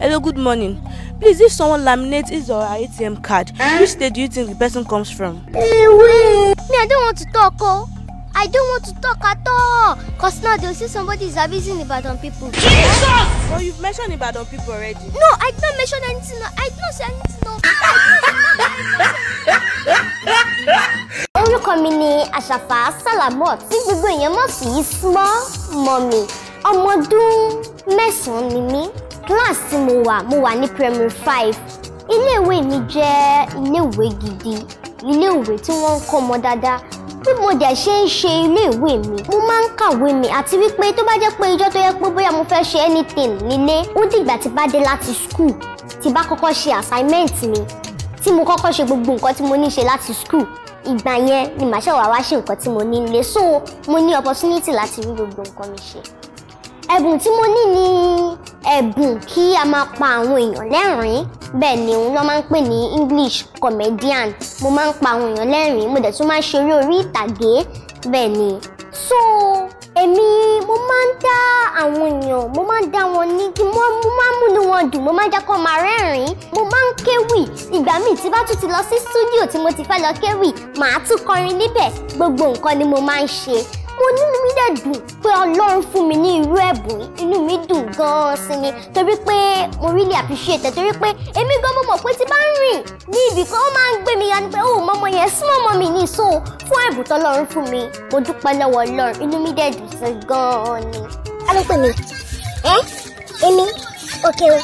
hello good morning please if someone laminates his or her atm card which state do you think the person comes from. me i don't want to talk oh i don't want to talk at all cause now they'll see somebody is abusing the ibadan people. jesus but well, you've mentioned the ibadan people already. no i did not mention anything no i did not say anything no. orúkọ mi ni àṣàfà salamot tí gbogbo going, mọ̀ sí small mummy ọmọ ọdún do án ni mí class tí mo wà mo wà ní primary five iléèwé mi jẹ́ iléèwé gidi iléèwé tí wọ́n ń kọ́ ọmọ dáadáa bí mo dẹ̀ ṣe ń ṣe iléèwé mi mo máa ń kàwé mi àti wípé tó bá jẹ́ pé ijọ́ tó yẹ pé bóyá mo fẹ́ ṣe anything nílé ó dìgbà tí bá dé láti school tí bá kọ́kọ́ ṣe assignment mi tí mo kọ́kọ́ ṣe gbogbo nǹkan tí mo ní ṣe láti school ìgbà yẹn ni màá ṣe wá wá ṣe nǹkan tí mo ní nílé so mo ní opportunity láti rí gbogbo nǹkan mi ṣe ẹ̀bùn tí mo ní ni ẹ̀bùn kí a máa pa àwọn èèyàn lẹ́rìn-ín bẹ́ẹ̀ ni òun máa ń pè ní English comedian mo máa ń pa àwọn èèyàn lẹ́rìn-ín mo dẹ̀ tún máa ń ṣeré orí ìtàgé bẹ́ẹ̀ ni so èmi mo máa ń dá àwọn èèyàn mo máa ń dá wọn ní kí mo máa ń múnú wọn dùn mo máa ń jẹ́ kó máa rẹ́rìn-ín mo máa ń kéwì ìgbà míì tí bá tún ti lọ sí stúdíò tí mo ti fẹ́ lọ kéwì màá tún kọrin níbẹ̀ gbogbo nǹkan ni mo máa ń ṣe mo ní dẹ̀ dùn pé ọlọ́run fún mi ní irú ẹ̀bùn inú mi dùn gan-an sí ni torí pé mo really appreciate torí pé èmi gan mo mọ̀ pé tí bá ń rìn ní ibì kan ó máa ń gbé mi yanni pé ó oh, mọ́mọ́ yẹn súnmọ́ mọ́ mi ní so fún ẹ̀bùn tọ́lọ́run fún mi mo dúpẹ́ lọ́wọ́ ọlọ́run inú mi dẹ̀ dùn sí gan-an ni. alo pè mí ẹ èmi òkè o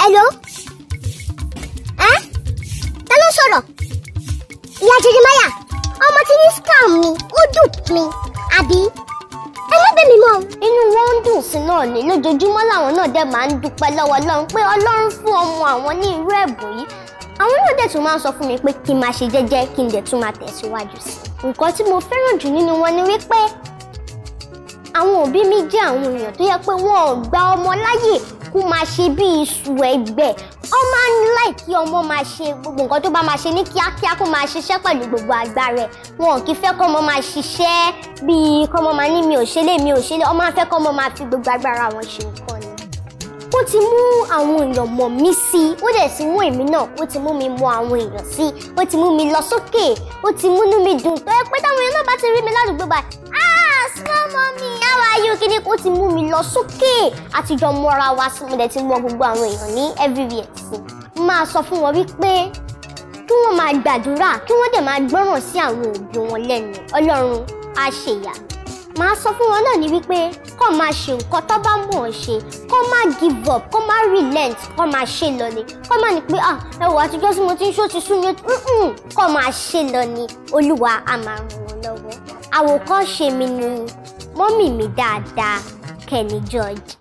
hello ẹ ta ló sọ̀rọ̀ ìyá jẹjẹrẹ máyà ọmọ tí ní scam mi ó dùn mí àbí ẹlẹ́bẹ̀mí mọ́ inú wọn ń dùn sí náà ni lójoojúmọ́ làwọn náà dẹ̀ máa ń dúpẹ́ lọ́wọ́ Ọlọ́run pé Ọlọ́run fún ọmọ àwọn ní irú ẹ̀bùn yìí àwọn náà dẹ̀ tún máa ń sọ fún mi pé kí n máa ṣe jẹ́jẹ́ kí n dẹ̀ tún máa tẹ̀síwájú sí i nǹkan tí mo fẹ́ràn jù nínú wọn ni wípé àwọn òbí mi jẹ́ àwọn èèyàn tó yẹ pé wọn ò gba ọmọ láyè kó máa ṣe bí iṣu ẹgbẹ́ ọ máa ń láì kí ọmọ máa ṣe gbogbo nǹkan tó bá máa ṣe ní kíákíá kó máa ṣiṣẹ́ pẹ̀lú gbogbo agbára ẹ̀ wọn kì í fẹ́ kọ́ ọmọ máa ṣiṣẹ́ bíi kọ́ ọmọ máa ní mi ò ṣe lé mi ò ṣe lé ọmọ afẹ́ kọ́ ọmọ máa fi gbogbo agbára wọn ṣe nǹkan ni. ó ti mú àwọn èèyàn mọ̀ mí sí i ó dẹ̀ ti mú èmi náà ó ti mú mi mọ àwọn èèyàn sí i ó ti mú mi lọ sókè ó ti múnú mi dùn tó ẹ pé táwọn èèyàn náà bá ti rí mi ládùúgbò báyìí small mommy how are you kí ni kó ti mú mi lọ sókè àtijọ́ mọ́ra wa sí mo dẹ̀ ti mọ gbogbo àwọn èèyàn ní everywhere sí máa sọ fún wọn wípé kí wọ́n máa gbàdúrà kí wọ́n dẹ̀ máa gbọ́ràn sí àwọn òbí wọn lẹ́nu ọlọ́run á ṣèyà màá sọ fún wọn náà ní wípé kó máa ṣe nǹkan tó bá mọ̀ ọ́n ṣe kó má give up kó má relent kó máa ṣe lọ ni kó má ní pé ah ẹ wò àtijọ́ tí mo ti ń ṣó ti sú mi kó máa ṣe lọ ni olúwa á máa ràn àwòkọ́ṣe mi ni mọ́mì mi dáadáa Kenny George.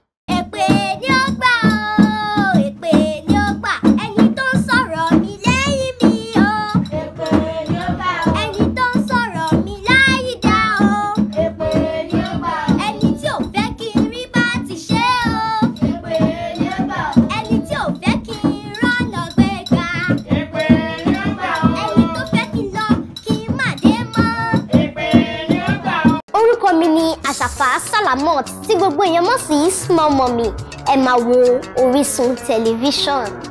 mi ni àṣàfà salamot tí gbogbo èèyàn mọ̀ sí small mummy ẹ máa wo Orísun tẹlifíṣọ̀n.